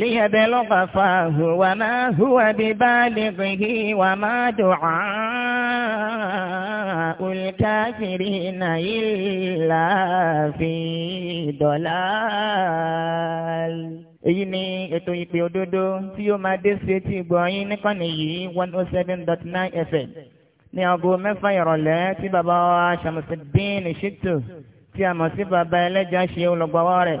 ليبلغ فاه وما هو ببالغه وما دعاء الكافرين إلا في ضلال èyí ni ètò ìpè òdodo tí yóò máa dé sí etí ìgbọ̀nyín níkànnì yìí one oh seven dot nine fm ní aago mẹ́fà ìrọ̀lẹ́ tí bàbá wa Ṣàmùsídín Ṣítù tí a mọ̀ sí bàbá ẹlẹ́jà ṣe olùgbàwọ́ rẹ̀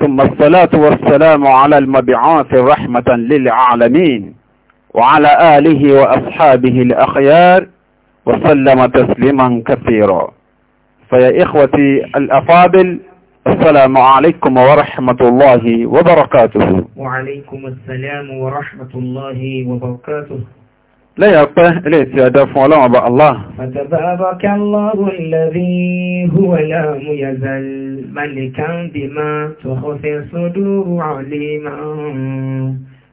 ثم الصلاة والسلام على المبعوث رحمة للعالمين وعلى آله وأصحابه الأخيار وسلم تسليما كثيرا فيا إخوتي الأفاضل السلام عليكم ورحمة الله وبركاته وعليكم السلام ورحمة الله وبركاته لا يبقى الاستعداد فعلا الله فتبارك الله الذي هو لم يزل ملكا بما تخفي الصدور عليما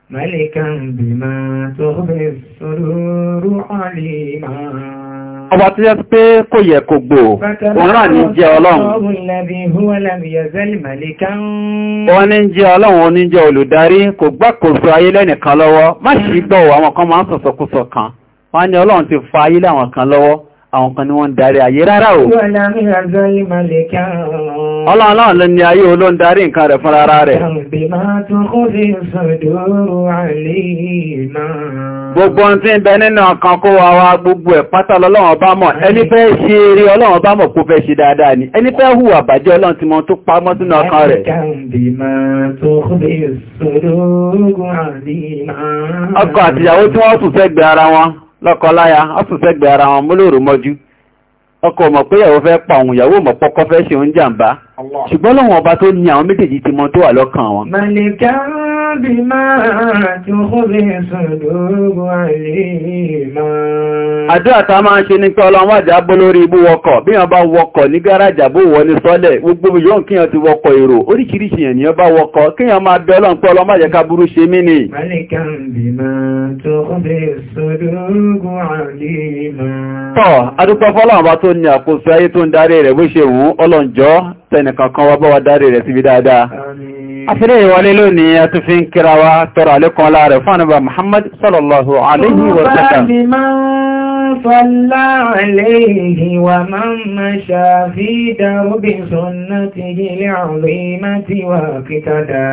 ملكا بما تخفي الصدور عليما ọba tó yẹ pé kò yẹ kò gbò òǹrà ní jẹ́ ọlọ́run wọ́n ní jẹ́ ọlọ́run oníjẹ́ olùdarí kò gbákòóso ayé lẹ́nìkan lọ́wọ́ má ṣì gbọ́ àwọn kan máa ń sọ̀sọ̀kúsọ̀ kan wọ́n ní ọlọ́run ti fa ayé láwọn kan lọ́wọ́ àwọn kan ni wọ́n ń darí ayé rárá o. Ọlọ́run ló ní ayé olóò ń darí nǹkan rẹ̀ fún rárá rẹ̀. Gbogbo tí ń bẹ nínú ọkàn kó wa wá gbogbo ẹ̀ pátá lọ́lọ́run bá mọ̀. Ẹni fẹ́ ṣe eré ọlọ́run bá mọ̀ kó fẹ́ ṣe dáadáa ni. Ẹni fẹ́ hùwà bàjẹ́ ọlọ́run ti mọ̀ tó pamọ́ sínú ọkàn rẹ̀. Ọkọ àtìyàwó tí wọ́n sùn fẹ́ gbẹ ara wọn lọ́kọláya ọ́sùn sẹ́gbẹ̀ẹ́ ara wọn múlòrò mọ́jú ọkọ mọ̀ pé ìyàwó fẹ́ pa òun ìyàwó mọ̀ pọ́kọ́ fẹ́ ṣe oúnjàmbá ṣùgbọ́n lọ́wọ́n ọba tó ní àwọn méjèèjì ti mọ tó wà lọ́kàn wọn. màlìkà bímá tí ó kó bí sọ̀dọ̀gbò àìlèmá. Àdúrà tá máa ń ṣe ní pé ọlọ́run àjà bó lórí ibú wọkọ̀, bí wọ́n bá wọkọ̀ ní gáràjà bó wọ ní sọ́lẹ̀, gbogbo yóò kíyàn ti wọkọ̀ èrò, oríṣiríṣi ènìyàn bá wọkọ̀, kíyàn máa bẹ ọlọ́run pé ọlọ́run àjẹ́ká burú ṣe mí ni. Tọ́, adúpẹ́ fọ́lọ́run bá tó ní àkóso ayé tó ń darí rẹ̀ bó ṣe wù ọlọ́njọ́ tẹnìkankan wá bá wa darí rẹ̀ síbi dáadáa afẹ́lẹ́ ìwọlé lónìí a tún fi ń kíra wa tọrọ àlékún ọlá rẹ̀ fún ànàbà Muhammad sallallahu alaihi wa sallam صلى عليه ومن مشى في درب سنته العظيمة واقتدى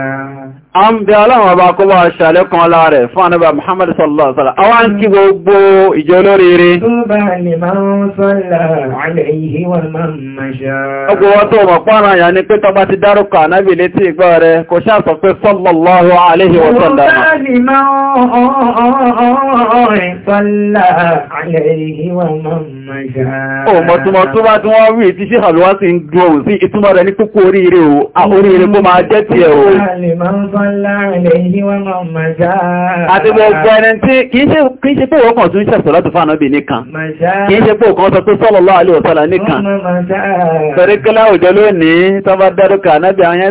Àwọn bí ọlọ́run ọba kó bá ṣàlẹ́ kan ọlá rẹ̀ fún ànábà Muhammad sallallahu alaihi wasallam. Àwọn ń kí gbogbo ìjọ olóríire. Tó bá lè máa ń sọ́lá aláìhí wà máa máa ṣá. Ọgbọ̀ wọ́n tó mọ̀ pọ́nà àyà ni pé Ọmọ oh, túnmọ̀ tó bá tún wọ́n rí tí ṣe àlúwá sí ń dún ọ̀rùn sí ìtumọ̀ rẹ̀ ní kókó oríire o, oríire kó máa jẹ́ ti ẹ̀ o. Àti gbogbo ẹni tí kìí ṣe pé ọkàn tún ṣẹ̀sọ̀ láti fánà bì nìkan, kìí ṣe pé ọkàn sọ pé sallallahu alaihi wasallam nìkan. Fẹ̀rí kọ́lá òjò lónìí tó bá dárúkà náàbì àwọn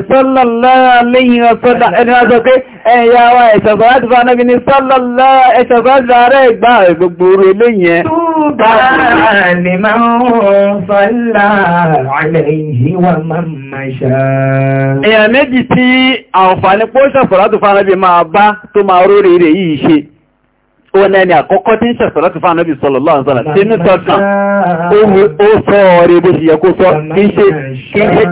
orí eléyìn طوبى لمن صلى عليه ومن مشى èèyàn méjì tí àǹfààní pọ́ ṣàṣọ̀rọ̀tù fánàbí máa bá tó máa rórí rẹ̀ yìí ṣe ó nẹni àkọ́kọ́ tí ń ṣàṣọ̀rọ̀tù fánàbí sallallahu alaihi wasallam tí ní tọ́kàn ó sọ ọ̀rẹ́ bó ṣe yẹ kó sọ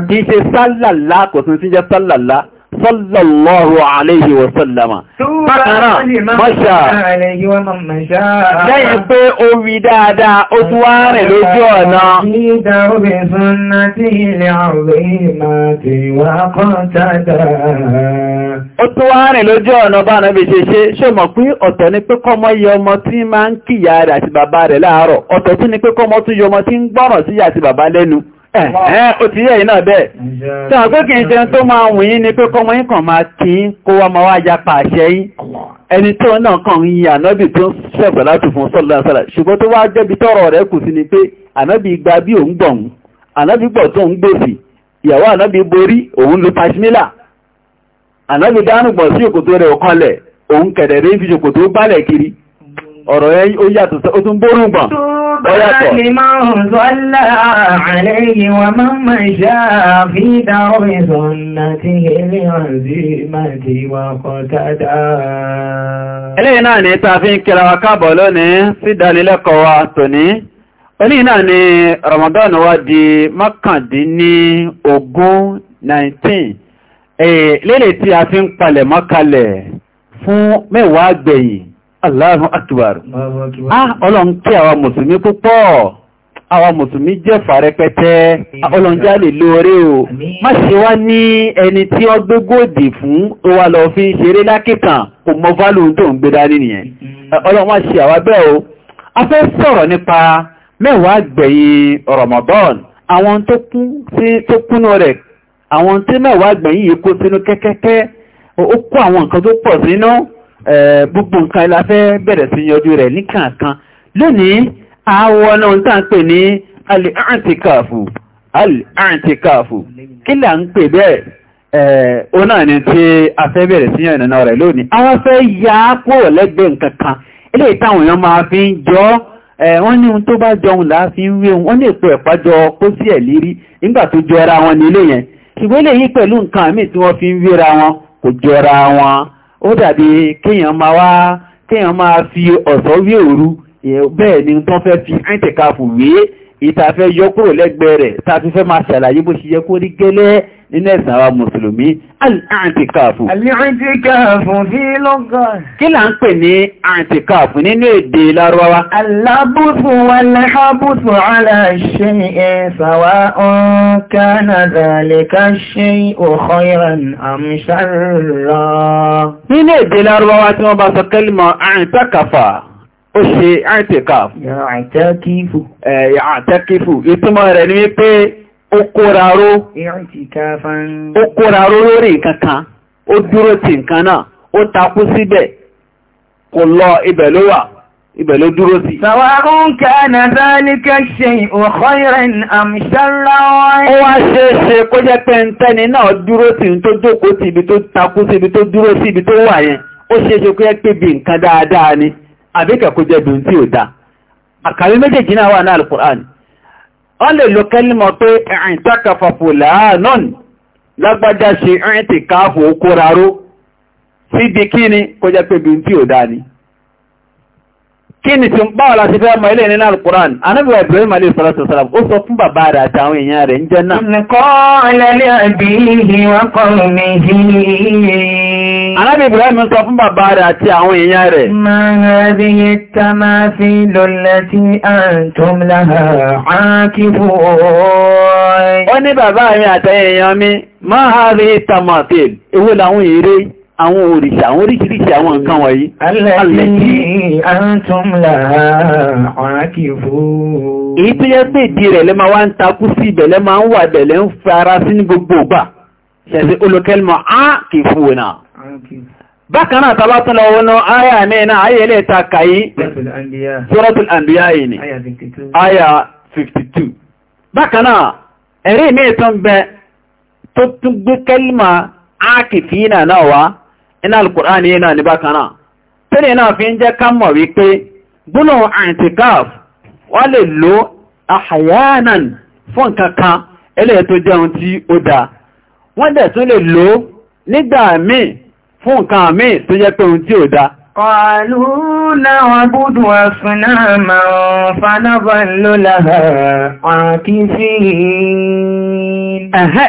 kí ṣe sálàlá kò tún sí jẹ́ sálàlá sallallahu alayhi wa sallama bákanáà mọ́ṣà lẹ́yìn pé ó rí dáadáa ó tún wá rìn lójú ọ̀nà ó tún wá rìn lójú ọ̀nà bá náà bí ṣe ṣe ṣe mọ̀ pé ọ̀tọ̀ ni pé kọ́mọ yẹ ọmọ tí máa ń kíyà rẹ̀ àti bàbá rẹ̀ láàárọ̀ ọ̀tọ̀ tún ni pé kọ́mọ tún yọ ọmọ tí ń gbọ́ràn sí àti bàbá lẹ́nu ẹ̀ẹ́ o ti yẹ́ iná bẹ́ẹ̀ tí a pé kí n ṣe tó máa wùn yí ni pé kọmọ yí kàn máa kí kó wá máa wá yapa àṣẹ yí ẹni tó náà kàn yí ànábì tó ń ṣẹ̀fẹ̀ láti fún sọ́lọ́sọ́lá ṣùgbọ́n tó wá jẹ́bi tọ́rọ̀ rẹ̀ kù sí ni pé ànábì gba bí òun gbọ̀n ànábì gbọ̀ tó ń gbèsì ìyàwó ànábì borí òun lu pashmila ànábì dánù gbọ̀n sí òkòtò rẹ̀ òkanlẹ̀ òun kẹ̀dẹ̀ rẹ̀ fi ṣòkòtò bálẹ̀ kiri ọ̀rọ̀ yẹn ó yàtọ̀ ó tún bórùngbọ̀n ربنا لمن ظل عليه ومن مشى في دار سنته لعزيمة وقتدى eléyìí náà ni tá a fi ń kíra wa káàbọ̀ lónìí sí ìdánilẹ́kọ̀ọ́ wa tòní eléyìí náà ni Ramadan wa di mọ́kàndínní ogún 19 lélè tí a fi ń palẹ̀ mọ́kalẹ̀ fún mẹ́wàá gbẹ̀yìn Allahu Akbar. Ah, ọlọ́run kí àwa Mùsùlùmí púpọ̀, àwa Mùsùlùmí jẹ́fà rẹpẹtẹ, ah, ọlọ́run já lè lóore o. Má ṣe wá ní ẹni tí ó gbé góòdì fún ó wá lọ fi ṣeré lákìtàn kò mọ válù tó ń gbé dání nìyẹn. Mm-hmm. Ah, ọlọ́run má ṣe àwa bẹ́ẹ̀ o. A fẹ́ Ramadan, àwọn tó kúnnú rẹ̀, àwọn tí mẹ́wàá gbẹ̀yìn yìí kó sínú kẹ́kẹ́kẹ́, gbogbo nǹkan ilá fẹ́ bẹ̀rẹ̀ sí yanjú rẹ̀ ní kànkan lónìí àwọ̀ náà ń tàn pè ní al-i'tikafu al-i'tikafu kí là ń pè bẹ́ẹ̀ ó náà ni tí a fẹ́ bẹ̀rẹ̀ sí yanjú rẹ̀ lónìí àwọn fẹ́ ya kúrò lẹ́gbẹ̀ẹ́ nǹkan kan eléyìí táwọn èèyàn máa fi ń jọ wọ́n ní ohun tó bá jọun là á fi ń wé wọ́n ní èpo ẹ̀pá jọ kó sí ẹ̀ lírí nígbà tó jọra wọn ní ilé yẹn ṣùgbọ́n eléyìí pẹ̀lú nǹkan míì tí wọ́n fi ń wéra wọn kò jọra wọn ó dàbí kéèyàn máa wá kéèyàn máa fi ọ̀sán wé òru bẹ́ẹ̀ ni tó fẹ́ fi àìtẹ̀kafù wé ìtafẹ́ yọ kúrò lẹ́gbẹ̀ẹ́ rẹ̀ tá a fi fẹ́ máa ṣàlàyé bó ṣe yẹ kó rí gẹ́lẹ́ nínú ẹ̀sìn àwa mùsùlùmí àǹtìkáàfù. àǹtìkáàfù fi lọ́gọ́. kí là ń pè ní àǹtìkáàfù nínú èdè lárọ́wá. alábùsù wàláhábùsù aláṣẹ ẹ̀sàwá ọ̀kánà zàlẹ̀ká ṣe òkọ́yàn àmṣàrà. nínú èdè lárọ́wá tí wọ́n bá sọ kẹ́lìmọ̀ àǹtàkàfà ó ṣe àǹtìkáàfù. àǹtàkífù. ẹ̀ ìtumọ̀ rẹ̀ ni wípé okóraró okóraró lórí nǹkankan ó dúró ti nǹkan náà ó takú síbẹ̀ kò lọ ibẹ̀ ló wà ibẹ̀ ló dúró sí. sàwárún kẹ́nà ṣe òkọ́ ìrìn àmìṣẹ́lá ó wá ṣe é ṣe kó jẹ́ pé náà dúró sí ibi tó jókòó sí ibi tó takú sí ibi tó dúró sí ibi tó wà yẹn ó ṣe é ṣe kó yẹ pé bí nǹkan dáadáa ni àbíkẹ́ kó jẹ́ bí n tí ò da àkàrí ọ lè lo kẹ́límọ̀ pé ẹ̀rìn tákàfàfò láàánán lágbájá ṣe ẹ̀rìn tí káàfò kóraró síbi kí ni kó jẹ́ pé tí ò dá ni kí ni tí ń ti fẹ́ ọmọ ilé nínú alukuran wa Ibrahim alayhi salatu ó sọ fún bàbá rẹ̀ àtàwọn èèyàn rẹ̀ ń jẹ́ náà. Anábì Ibrahim sọ fún bàbá rẹ̀ àti àwọn èèyàn rẹ̀. Máa rí yẹ ta máa fi lọ́lẹ̀ tí a ń tó lára ákífò ọ̀rẹ́. Ó ní bàbá mi àtẹ́yẹyàn mi, máa rí ta fi ewó làwọn ère àwọn òrìṣà àwọn oríṣiríṣi àwọn nǹkan wọ̀nyí. Alẹ́kí àtúnlà àkìfò. Èyí tó yẹ pé ìdí rẹ̀ lẹ́ máa wá ń takú sí ìbẹ̀lẹ́ máa ń wà bẹ̀lẹ́ ń fara sí ní gbogbo ìgbà. Ṣẹ̀sí olókẹ́lmọ̀ àkìfò náà bákan náà tàbá tún lọ́wọ́ ayà mẹ́ẹ̀nà ayà ilẹ̀ ta kàyí suratul anbiya yìí ni ayà 52 bákan náà ẹ̀rí mẹ́ẹ̀ tún bẹ tó tún gbé kẹlìmà ákìfínà náà wá iná alkùránì náà ní bákan náà tẹ́lẹ̀ náà fi ń jẹ́ ká mọ̀ wípé gbónà àìtìkáf wá lè lo àhàyánàn fún kankan ẹlẹ́ẹ̀ tó jẹun tí ó dáa wọ́n dẹ̀ tún lè lo nígbà míì fún nǹkan àmì tó jẹ́ pé ohun tí ò dá. Qalu na'budu asnaman fanadhallu laha akifin. Ẹ̀hẹ́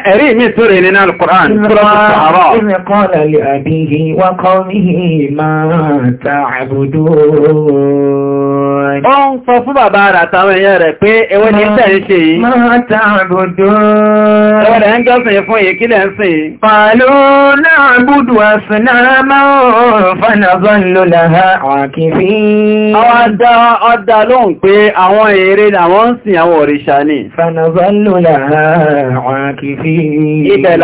ni. Ó ń sọ fún bàbá rẹ̀ àtàwọn èèyàn rẹ̀ pé ewé ní tẹ̀ ń ṣe yìí. Máa tàà bòdó. Ewé rẹ̀ ń jọ́sìn fún yìí kílẹ̀ ń sìn yìí. Pàlú náà búdù àsìnáàmà fanazọ́ ló láha àkìfí. Àwọn adá ọdá lóhùn pé àwọn ère làwọn ń sìn ni. Fanazọ́ ló láha àkìfí. Ibẹ̀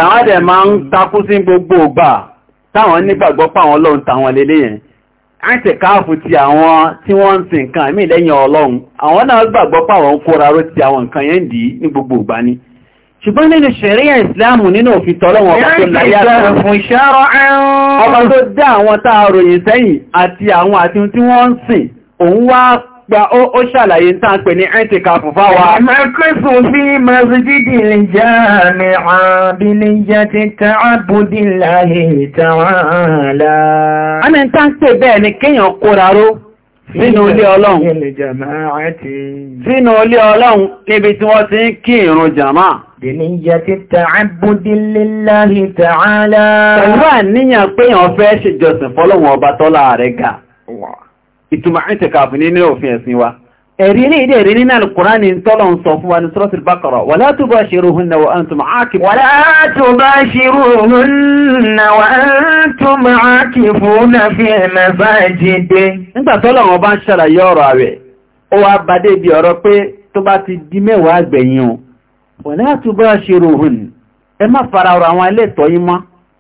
àìsè káàfù ti àwọn tí wọ́n ń sin nǹkan mí lẹ́yìn ọlọ́run àwọn náà gbàgbọ́ pàwọn ń kóra ró ti àwọn nǹkan yẹn dì ní gbogbo ìgbà ni ṣùgbọ́n nínú ṣẹ̀ríà ìsìláàmù nínú òfin tọ́lọ́wọ́n ọba tó láyé àtàwọn ọba tó dá àwọn tá a ròyìn sẹ́yìn àti àwọn àti tí gba ó ṣàlàyé tá ń pè ní ẹ́ntìkàfù fáwa. Àmọ́kọ́sù sí Masjidi lè já mi àbí lè já ti ta àbúdí láyé ìtàwàlá. A ní tá ń pè bẹ́ẹ̀ ni kíyàn kóra ró sínú ilé ọlọ́run. Sínú ilé ọlọ́run níbi tí wọ́n ti ń kí ìrun jàmá. Bìníyà ti ta àbúdí láyé ìtàwàlá. Pẹ̀lú àníyàn pé èèyàn fẹ́ ṣèjọsìn fọ́lọ́run ọba tọ́lá rẹ̀ ga. Wow ìtumọ̀ ìtẹ̀kàfù nínú òfin ẹ̀sìn wa ẹ̀rí ilé ilé ẹ̀rí nínú alkùránì tọ́lọ̀ ń sọ fún wa ní suratul Baqara wala tubashiruhunna wa antum aakifun wala tubashiruhunna wa antum aakifuna fil masajid nígbà tọ́lọ̀ wọn bá ń ṣàlàyé ọ̀rọ̀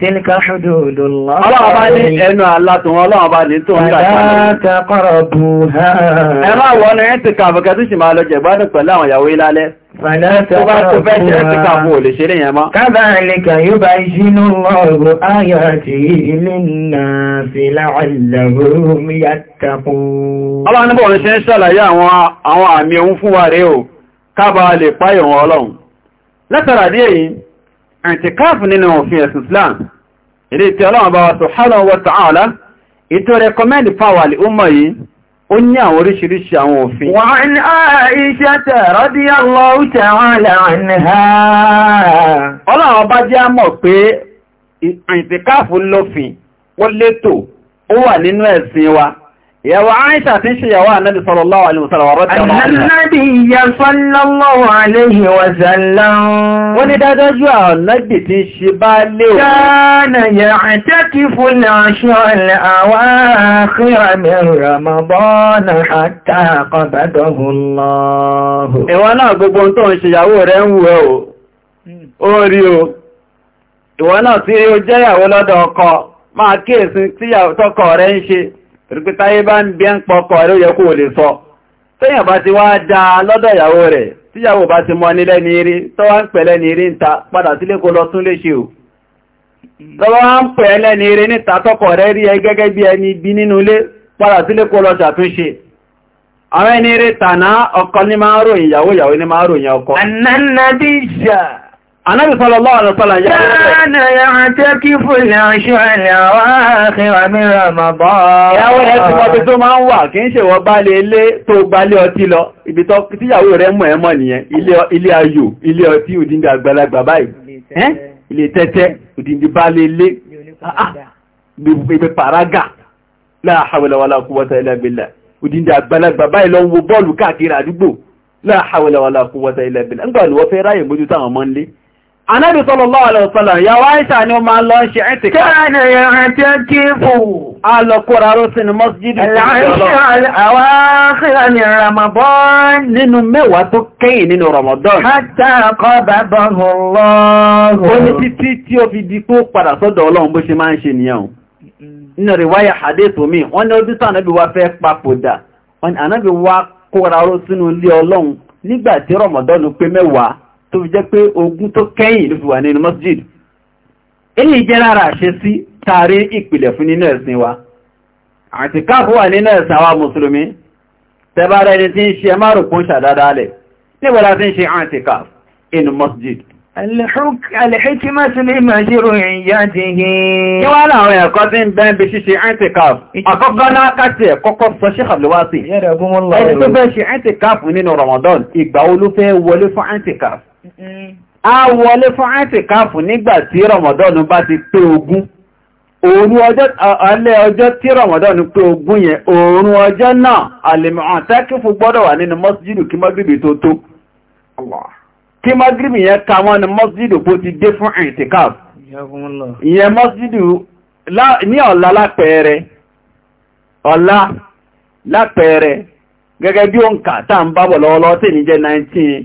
Tílíkà ṣùdòdò lọ́wọ́. Ọlọ́run bá ní ẹnu àlátùn ọlọ́run bá ní tó ń dàjá. Àdáta kọ́rọ̀bù ha. Ẹ máa wọ́n ní ẹ́ntì kàbùkẹ́ tó ṣì máa lọ jẹ̀gbádùn pẹ̀lú àwọn ìyàwó ilálẹ́. Tó bá tó fẹ́ ṣe ẹ́ntì kàbù ò lè ṣeré yẹn mọ́. Kadhalika yubayyinullahu ayatihi linnasi ìtìkáàfù nínú òfin Islam ilé tí wa subhanahu wa ta'ala ito rẹ̀kọ́mẹ́ndì fáwàlì ọmọ yìí ó ní àwọn oríṣiríṣi àwọn òfin. radiyallahu ta'ala anha. ọlọ́run bá jẹ́ àmọ̀ pé ìtìkáàfù lófin ó létò wà ìyàwó àìsà tí ń ṣe ìyàwó ànábì sallallahu alaihi wasallam ọ̀rọ̀ tí ọmọ ànábì ìyà sallallahu alaihi wasallam wọ́n ní dájájú ànábì tí ń ṣe bá lé òun kana ya'takifu al-ashra al-awakhir náà tí ó jẹ́ ìyàwó lọ́dọ̀ ọkọ máa kíyèsí tí tọkọ rẹ̀ ń ṣe torípé táyé bá ń bí ń pọkọ̀ rẹ̀ ó yẹ kó lè sọ tẹ́yàn bá ti wá dá lọ́dọ̀ ìyàwó rẹ̀ tíyàwó bá ti mọ́ nílẹ̀ ní irí tó wá ń pẹ̀ lẹ́ni irí níta padà sílé kó lọ tún lè ṣe ò tọ́wọ́ wá ń pẹ̀ lẹ́ni irí níta tọ́kọ̀ rẹ̀ rí ẹ gẹ́gẹ́ bí ẹni bí nínú ilé padà sílé kó lọ ṣàtúnṣe àwọn ẹni irí tàná ọkọ ní máa ń ròyìn ìyàwó ìyàwó ní máa ń ròyìn ọkọ Anábì sallallahu alaihi wasallam yà Kana ya'takifu al-ashra al-awakhir min Ramadan. Ìyàwó rẹ̀ ti mọ́bí tó máa ń wà kí ń ṣèwọ bá lè ilé tó gbá lé ọtí lọ, ibi tó tíyàwó rẹ̀ mọ̀ ẹmọ̀ nìyẹn, ilé ayò, ilé ọtí òdíndì àgbàlagbà báyìí, ilé tẹ́tẹ́, òdíndì bá lè la hawla wala quwwata illa billah, òdíndì àgbàlagbà báyìí lọ wo bọ́ọ̀lù káàkiri àdúgbò, la hawla wala quwwata illa billah, ń gbà ní wọ́n Anábì sallallahu alaihi wasallam, yàwó àìsà ni ó máa lọ ń ṣe ẹ̀tì ká. Káàna yàrá tí ó kí fò. A lọ kóra ró sínú mọ́sídìí. Àwọn àṣírà ní Ramadan. Nínú mẹ́wàá tó kẹ́yìn nínú Ramadan. Hatta qababahu Allah. Ó ní títí tí ó fi di kó padà sọ́dọ̀ Ọlọ́run bó tó fi jẹ́ pé ogun tó kẹ́yìn ló fi wà nínú masjid èyí jẹ́ rárá ṣe sí tààrí ìpìlẹ̀ fún nínú ẹ̀sìn wa àti káàkó wà nínú ẹ̀sìn àwa mùsùlùmí tẹbára ẹni tí ń ṣe márùn-ún ṣàdádálẹ̀ nígbàlá tí ń ṣe àti káàf inú masjid Alìhíkímọ́sí ní Màjírò ìyá ti hì. Kí wá a wọlé fún àìsìkáàfù nígbà tí rọmọdọ́nù bá ti pé ogún òru alẹ́ ọjọ́ tí rọmọdọ́nù pé ogún yẹn òòrùn ọjọ́ náà alìmọ̀ràn tẹ́kífù gbọ́dọ̀ wà nínú mọ́síjìdù kí mọ́gìrì tó tó kí mọ́gìrì yẹn ka wọ́n ni mọ́síjìdù bó ti dé fún àìsìkáàfù 19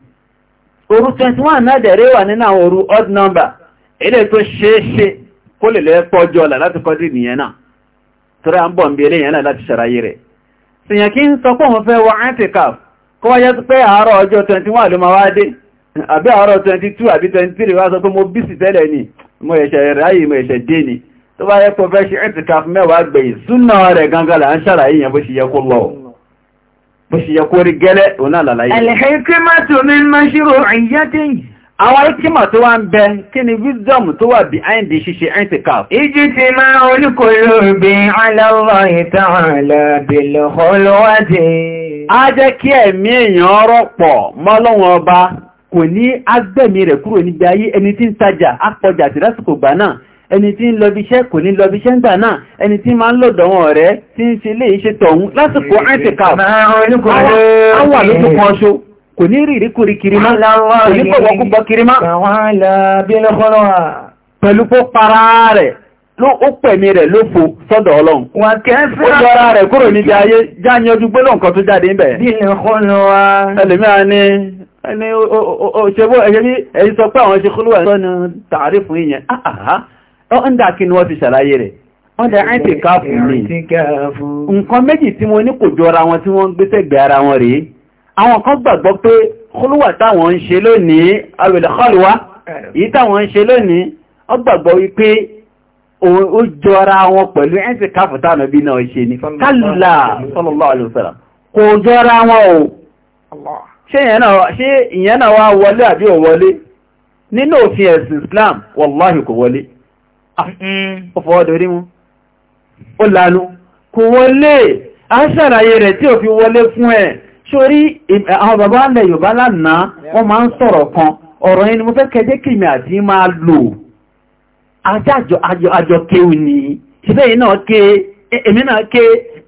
oru 21 náà dẹ̀rẹ́ wà nínú àwọn òru odd number ilé tó ṣeéṣe kó lè lẹ́ pọ́jọ́ ọ̀la láti kọjú ìnìyàn náà torí à ń bọ̀ ń bí eléyàn náà láti ṣàráyé rẹ̀ sìyàn kí ń sọ fẹ́ wọ antikaf kó wáyé pé àárọ̀ ọjọ́ 21 ló máa wá dé àbí àárọ̀ 22 àbí 23 wá sọ pé mo bísì tẹ́lẹ̀ ni mo ẹ̀ṣẹ̀ ráyè mo ẹ̀ṣẹ̀ dé ni tó bá fẹ́ ṣe antikaf mẹ́wàá gbẹ̀yìn súnà rẹ̀ gangan là bó ṣe yẹ kó rí gẹ́lẹ́ òun náà lálàyé. al-hikmatu min mashru'iyyatihi. àwọn ikima tó wá ń bẹ kí ni wisdom tó wà behind the ṣíṣe intikaf. ijtima'ul qulubi 'ala Allahi ta'ala bil khulwati. a jẹ́ kí ẹ̀mí èèyàn rọ̀pọ̀ mọ́lọ́wọ́n ọba kò ní agbẹ̀mí rẹ̀ kúrò níbi ayé ẹni tí ń tajà apọ̀jà àti lásìkò gbà náà ẹni tí ń lọbiṣẹ́ kò ní lọbiṣẹ́ ńgbà náà ẹni tí máa ń lọ́dọ̀ wọn ọ̀rẹ́ tí ń ṣe lè ṣe tọ̀hún lásìkò àìsìkà àwà lójú kan ṣo kò ní rí ìríkùrí kiri má kò ní pọ̀wọ́ púpọ̀ kiri má pẹ̀lú pó para rẹ̀ ló ó pẹ̀mí rẹ̀ lófo sọ́dọ̀ ọlọ́run ó yọra rẹ̀ kúrò níbi ayé jáyanjú gbọ́dọ̀ nǹkan tó jáde ń bẹ̀ ẹlòmíràn ni ẹni òṣèwọ́ ẹ̀yẹ́ sọ pé àwọn ṣe kúrò ẹ̀ sọ́nà tààrí fún ìyẹn ah, ah, ah ọ́n dà kí ni wọ́n fi ṣàlàyé rẹ̀ wọ́n dẹ̀ àìtì káàfù ní nǹkan méjì tí wọ́n ní kò jọra wọn tí wọ́n gbé sẹ́gbẹ̀ ara wọn rèé àwọn kan gbàgbọ́ pé kọlùwà táwọn ń ṣe lónìí awèlẹ̀ kọlùwà táwọn ń ṣe lónìí ó gbàgbọ́ wípé ó jọra wọn pẹ̀lú àìtì káàfù táwọn bí náà ṣe ni kálùlà sallallahu ìyẹn náà wá wọlé àbí ò wọlé nínú òfin ẹ̀sìn Islam wàláhì kò wọlé Ah. Mm. ó fọwọ́ dorí mú ó kò wọlé a ń ṣàlàyé rẹ̀ tí ò fi wọlé fún ẹ̀ ṣorí àwọn bàbá ilẹ̀ Yorùbá lánàá wọ́n máa ń sọ̀rọ̀ kan ọ̀rọ̀ yẹn ni mo fẹ́ kẹjẹ́ kìmì àti máa lò àjọ kéwù ni ṣe bẹ́ẹ̀ náà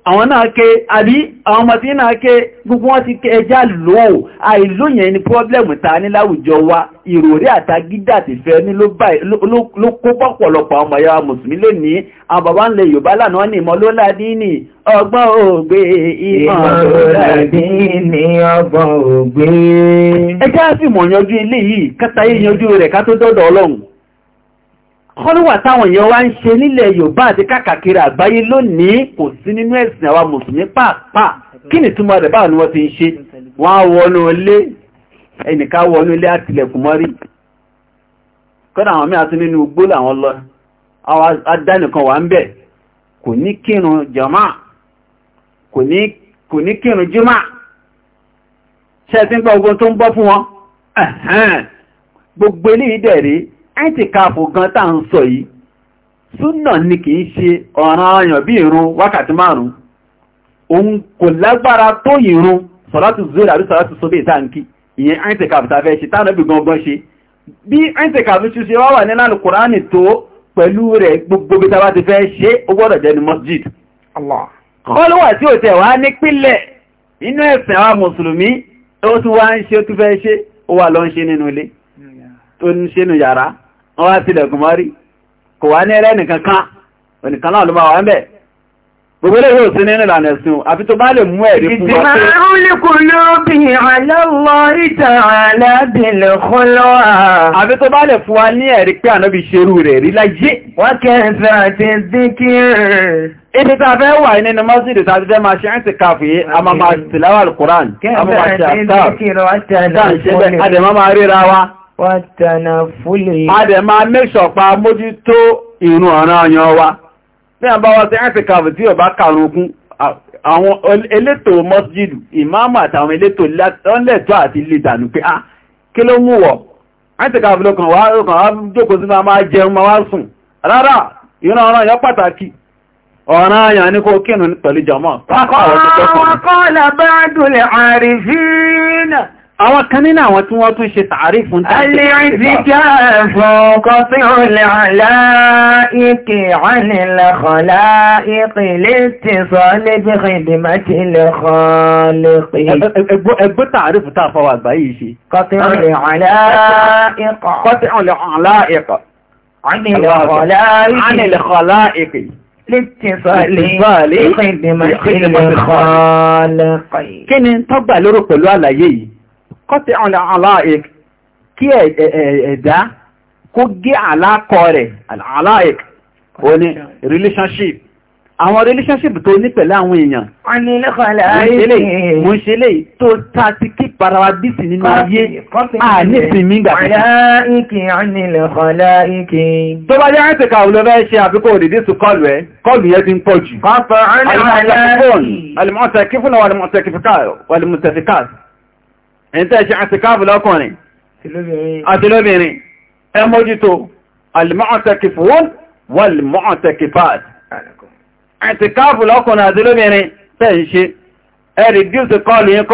àwọn náà ké àbí àwọn ọmọ tí náà ké gbogbo wọn ti ké ẹjá lóò àìlóyìn ẹni pọ́blẹ̀mù ta ní láwùjọ wa ìròrí àtagídà ti fẹ́ ní ló kó pọ̀pọ̀lọpọ̀ ọmọ ya mùsùlùmí lónìí àwọn bàbá ń lè Yorùbá lánàá ní ìmọ̀ ló ládí ní ọgbọ́n ògbé ìmọ̀ ló ládí ní ọgbọ́n ògbé kọ́lùwà táwọn èèyàn wá ń ṣe nílẹ̀ Yorùbá àti káàkiri àgbáyé lónìí kò sí nínú ẹ̀sìn àwa mùsùlùmí pàápàá kí ni túnmọ̀ rẹ̀ báwọn ni wọ́n ti ń ṣe wọ́n á wọnú ilé ẹnìká wọnú ilé àtìlẹ̀kùn mọ́rí kọ́dà àwọn mí àti nínú ugbó làwọn lọ adánìkan wà ń bẹ̀ kò ní kírun jàmá kò ní kírun jímà àìtìkáàfù gan tá ń sọ yìí súnà ni kìí ṣe ọ̀ràn ayàn bí ìrun wákàtí márùn òun kò lágbára tó ìrun sọ̀látù zoro àbí sọ̀látù sóbè ìtànkì ìyẹn àìtìkáàfù tàfẹ́ ṣe tánàbì gangan ṣe bí àìtìkáàfù ṣe ṣe wá wà ní lánàá kùránì tó pẹ̀lú rẹ̀ gbogbo bí tàbá ti fẹ́ ṣe ó gbọ́dọ̀ jẹ́ ní masjid kọlùwà tí ò tẹ̀ wá nípìnlẹ̀ inú ẹ̀sìn lọ wọ́n wá sílẹ̀kùn mọ́rí kò wá ní ẹlẹ́nì kankan ònìkan náà ló máa wà ń bẹ̀ gbogbo ilé yóò sí nínú ìlànà ẹ̀sùn àfi tó bá lè mú ẹ̀rí fún wa pé ìjìmá òníkù ló fẹ́ wà nínú masjid ta ti fẹ́ ṣe ń ti káfí a ma ma tìláwà al a ma ma ṣe àtàrà wàtànàfúlè. a dẹ̀ máa mẹ́ṣọ̀pá mójútó ìrun ọ̀ràn ọyàn wa ní àbá wa sí ẹ́sìkàfù tí ò bá kàrùnkún àwọn elétò mọ́síjìdù ìmáàmù àtàwọn elétò lẹ́tọ́ àti lìdànù pé ah, kí ló wọ̀ jẹun أو كان هنا وتوتو شي تعريف انت اللي عزك فوق فعل عن الخلائق الاتصال بخدمة الخالق ابو ابو تعريف تاع فواز باي شيء قطع لعلائق قطع لعلائق عن الخلائق عن الخلائق لاتصال بخدمة الخالق كن تبع لرقل ولا يي kọ́tẹ̀ ọ̀nà aláìk kí ẹ̀dá kó gé àlákọ rẹ̀ aláìk ó ní relationship àwọn relationship tó ní pẹ̀lú àwọn èèyàn mo ń ṣe lè tó ta ti kí parawa bíìsì nínú ayé à ní ìsinmi ìgbà tó bá jẹ́ ẹ̀tẹ̀kà olóbẹ́ ṣe àfikò òdìdí sí kọlù ẹ kọlù yẹ ti ń pọ̀ jù ẹ̀ntẹ́ ṣe àtìkáàbù lọ́kùnrin àti lóbìnrin ẹ mójútó alìmọ́ọ̀tẹ́kìfún wàlìmọ́ọ̀tẹ́kìfàd àtìkáàbù lọ́kùnrin àti lóbìnrin tẹ́ ń ṣe ẹ rìdíùsì kọlù yín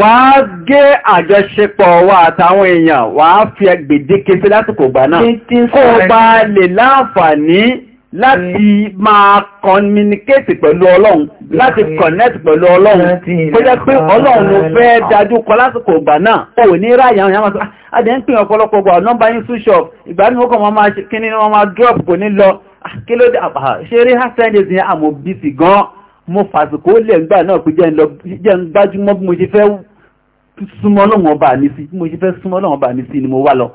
wà àjọṣepọ̀ wa àtàwọn èèyàn wà á fi ẹgbẹ̀dẹ́kẹsí lásìkò gbà náà kó bá lè láǹfààní láti máa communicate pẹ̀lú ọlọ́run láti connect pẹ̀lú ọlọ́run kó jẹ́ pé ọlọ́run ló fẹ́ dájú kọ lásìkò ìgbà náà ò ní ráyà àwọn yàmà adé ń pín ọ̀pọ̀lọpọ̀ ọgbà nọ́mbà yín súṣọ̀ ìgbà ní ọkọ̀ wọn máa kí ní wọn máa drop kò ní lọ ah, kí ló dé ah, ah, ṣe rí hásẹ́ndé sí àmọ́ bí sì gan mo fàsìkò lè gbà náà pé jẹ́ ń gbájúmọ́ bí mo ṣe fẹ́ súnmọ́ lọ́wọ́ bá ní sí ni mo wá lọ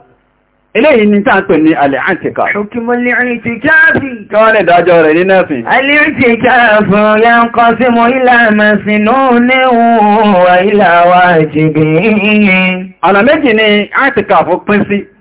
eléyìí ni táà pè ní alìhántìká. ṣùkìmọ̀ lìrìntìkáàfì. kí wọ́n lè dájọ́ rẹ̀ ní nẹ́fìn. alìrìntìkáàfì ya ń kọ́ sí mọ́ ilá mẹ́sìnú níwọ̀n ilá wájìbì. ọ̀nà méjì ni àtìkáàfì pín sí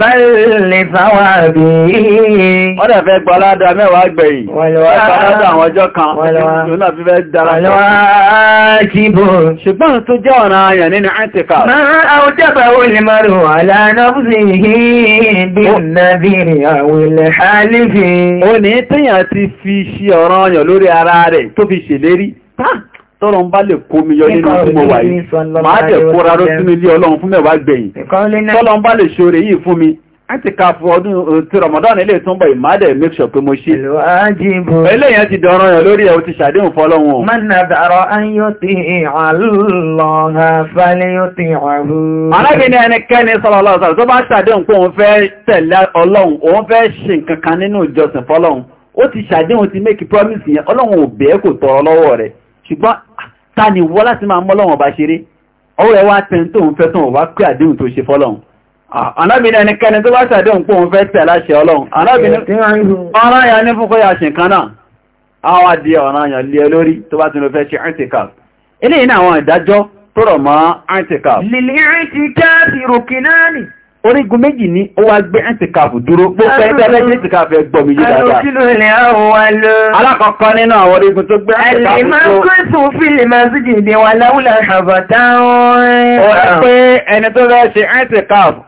báyìí fáwọn àbí. Wọ́n dẹ̀ fẹ́ gbọ́ ládàá mẹ́wàá gbẹ̀yìn. Wọ́n lọ wá ládàá àwọn ọjọ́ kan. Wọ́n lọ wá. Wọ́n lọ fi fẹ́ dára. Wọ́n lọ wá kíbò. Ṣùgbọ́n tó jẹ́ ọ̀nà ayàn nínú Antika. Máa àwọn jábà ó lè máa rò àlànà sí bí nàbìrì àwọn ilẹ̀ hálífì. Ó ní tíyàn ti fi ṣe ọ̀rọ̀ ọyàn lórí ara rẹ̀ tó fi ṣèlérí tọ́rọ ń bá lè kómi yọ nínú tí mo wà yìí máa jẹ́ kóra rọ sínú ilé ọlọ́run fún mẹ́wàá gbẹ̀yìn tọ́rọ ń bá lè ṣoore yìí fún mi láti ka fún ọdún tí Ramadan ilé tó ń bọ̀ ìmáàdẹ̀ make sure pé mo ṣe eléyàn ti dọ̀rọ̀ yàn lórí ẹ̀ o ti ṣàdéhùn fọ́lọ́hun o mọ́nàdàrọ̀ ayọ́tí ìhàlọ́ha fàlẹ́yọ́tí ìhàrú arábìnrin ẹnikẹ́ni sọ́lọ́lọ́sọ̀rọ̀ tó bá ṣàdéhùn pé òun fẹ́ tẹ̀lé ọlọ́run òun fẹ́ ṣe nǹkan kan nínú ìjọsìn fọ́lọ́hun ó ti ṣàdéhùn ti make promise yẹn ọlọ́run ò bẹ́ẹ̀ kò tọrọ lọ́wọ́ rẹ̀ ṣùgbọ́n ta ni wọ́n láti máa mọ́ lọ́wọ́n ọba ṣeré ọwọ́ ẹwà tẹ́ tó ń fẹ́ tó wà pé àdéhùn tó ṣe fọ́lọ́run anábìnrin ẹnikẹ́ni tó bá ṣàdéhùn pé òun fẹ́ tẹ̀ láṣẹ ọlọ́run anábìnrin ọ̀rọ̀ yà ní fún kó yà ṣìnkan náà àwọn adìẹ ọ̀rọ̀ yà lé lórí tó bá tún lọ fẹ́ ṣe antikaf eléyìí ní àwọn ìdájọ́ tó rọ̀ mọ́ antikaf lil i'tikafi ruknani orígun méjì ni ó wá gbé ẹ̀ntìkàfù dúró gbogbo ẹgbẹ́lẹ́ ẹ̀ntìkàfù ẹgbọ̀mí yìí dáadáa alákọ̀ọ́kọ́ nínú àwọn orígun tó gbé ẹ̀ntìkàfù dúró ẹ̀lẹ́mọ́kùnfún fílì máa sí jìdí wà láwùlà ṣàbàtàun ọ̀rẹ́ pé ẹni tó rẹ́ ṣe ẹ̀ntìkàfù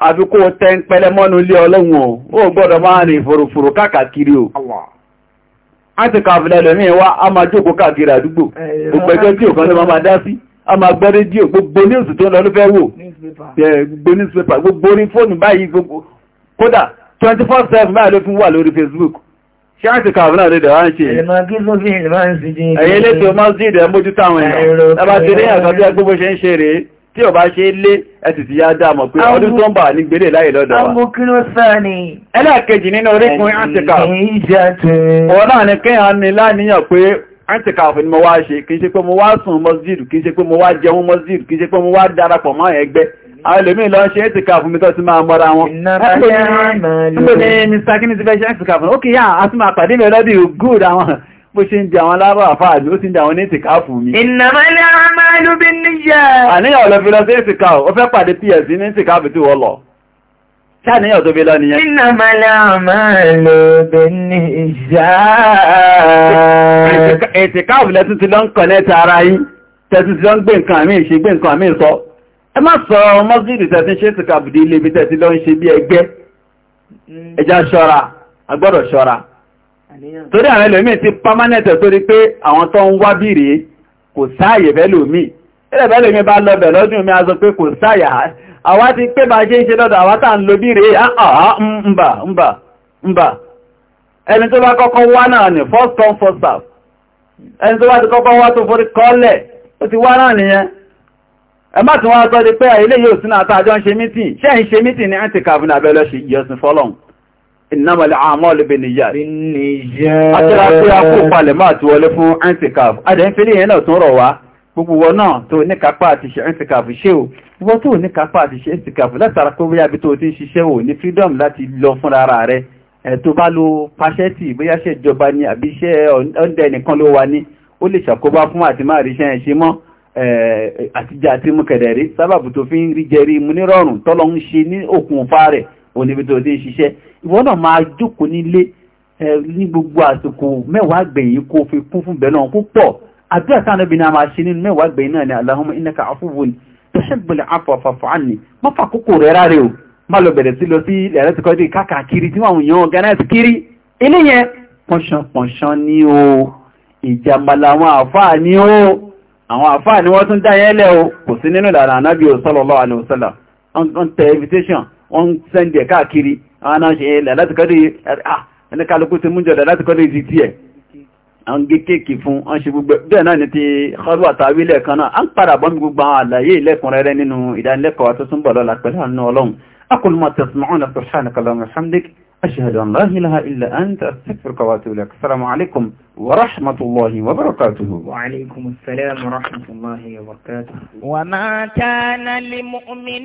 àfikó a máa gbọ́ rédíò gbogbo news tó ń lọ ló fẹ́ wò gbogbo newspaper gbogbo orí fóònù báyìí gbogbo kódà twenty four seven báyìí ló fi wà lórí facebook ṣáàtì kàbínà rẹ̀ dẹ̀ wá ń ṣe ẹ̀yẹ lẹ́tọ̀ masjid ẹ̀ mójútó àwọn èèyàn ẹbá ti rí ẹ̀kan tí ẹgbogbo ṣe ń ṣe rèé tí ọba ṣe lé ẹ̀sì ti yá dáàmọ̀ pé ọdún tó ń bà ní gbélé láyé lọ́dọ̀ wa ẹlẹ́ẹ̀kejì nínú oríkùnrin àtìkà ọ̀nà ni kíyàn ní láníyàn pé àtìkàfẹ́ ni mo wá ṣe kìí ṣe pé mo wá sùn mọ́sídù kìí ṣe pé mo wá jẹun mọ́sídù kìí ṣe pé mo wá darapọ̀ mọ́ ẹgbẹ́ àwọn ẹlòmí lọ ṣe àtìkàfẹ́ mi tó ti máa mọ́ra wọn bó ṣe ń ń jẹ ní ìtìká fún mi. ìnàmà ní àmàlú bí Sáàníyàn tó bí lọ nìyẹn. Iná máa láàmàlò bẹni ìjà. Ètìká òfìlẹ̀ tún ti lọ ń kọ̀nẹ́ta ara yìí, tẹ́tún ti lọ ń gbé nǹkan àmì ìṣe gbé nǹkan àmì ìsọ. Ẹ má sọ mọ́sílì tẹ́tún ṣe ti kàbùdí ilé ibi tẹ́tún lọ ń ṣe bí ẹgbẹ́. Ẹja ṣọ́ra, agbọ́dọ̀ ṣọ́ra. Torí àwọn ẹlòmíì ti pámánẹ̀tẹ̀ torí pé àwọn tó ń wá bìrì kò sáàyè bẹ́lòmíì. Ẹlẹ́bẹ̀ẹ́lòmíì bá lọ bẹ̀ lọ́dún mi a sọ pé kò sáàyè àwa ti pé bá ṣe ń ṣe lọ́dọ̀ àwa tàà ń lo bí rèé mba mbà mbà ẹni tó bá kọ́kọ́ wá náà ni first come first serve ẹni tó bá ti kọ́kọ́ wá tó forí kọ́lẹ̀ ó ti wá náà nìyẹn ẹ má tún wá di pé ilé yóò sínú àtàjọ ń ṣe mítì ṣe ń ṣe mítì ní antikaf ní abẹ́lẹ́ ṣe ìyọsìn fọ́lọ́n ìnáma lè àmọ́ àti fún gbogbo wọn náà tó níkapá àti ṣe ìtìkàfù ṣe ò wọ́n tó níkapá àti ṣe ìtìkàfù látara pé bóyá bí tó ti ń ṣiṣẹ́ ò ní freedom láti lọ fúnra ara rẹ̀ ẹ̀ tó bá lo pàṣẹ́tì bóyá ṣe ìjọba ni àbí iṣẹ́ ọ̀ndẹ̀ nìkan ló wà ní ó lè ṣàkóbá fún àti máa rí iṣẹ́ ẹ̀ ṣe mọ́ àtijọ́ àti mú kẹ̀dẹ̀ rí sábàbù tó fi ń rí jẹrí mu nírọ̀rùn tọ́lọ ń ṣe ní òkun ọ̀fà rẹ̀ oníbi tó ti ń ṣiṣẹ́ ìwọ náà máa jókòó nílé ní gbogbo àsìkò mẹ́wàá gbẹ̀yìn kó fi kún fún bẹ́ẹ̀ náà púpọ̀ àdúrà táwọn obìnrin a máa ṣe nínú mẹ́wàá gbẹ̀yìn náà ni Allahumma innaka afuwun tuhibbul afwa fa'fu anni má fà kókò rẹ̀ rárẹ o má lọ bẹ̀rẹ̀ sí lọ sí ẹ̀rẹ́ ti kọjú káàkiri tí wọ́n yàn organize kiri ilé yẹn pọ̀nṣanpọ̀nṣan ni o ìjàmbá làwọn àfáà ni o àwọn àfáà ni wọ́n tún dá yẹn lẹ̀ o kò sí nínú ìlànà anábì sallallahu alaihi àwọn kéèkì fún ọ́n ṣe gbogbo bẹ́ẹ̀ náà ni ti kọlu àtàwí lẹ́ẹ̀kan náà a ń padà bọ́n gbogbo àwọn àlàyé ìlẹ́kùnrẹ́rẹ́ nínú ìdánilẹ́kọ̀ọ́ tó túnbọ̀ lọ́la pẹ̀lú àánú ọlọ́run أقول ما تسمعون سبحانك اللهم وبحمدك أشهد أن لا إله إلا أنت أستغفرك وأتوب إليك السلام عليكم ورحمة الله وبركاته وعليكم السلام ورحمة الله وبركاته وما كان لمؤمن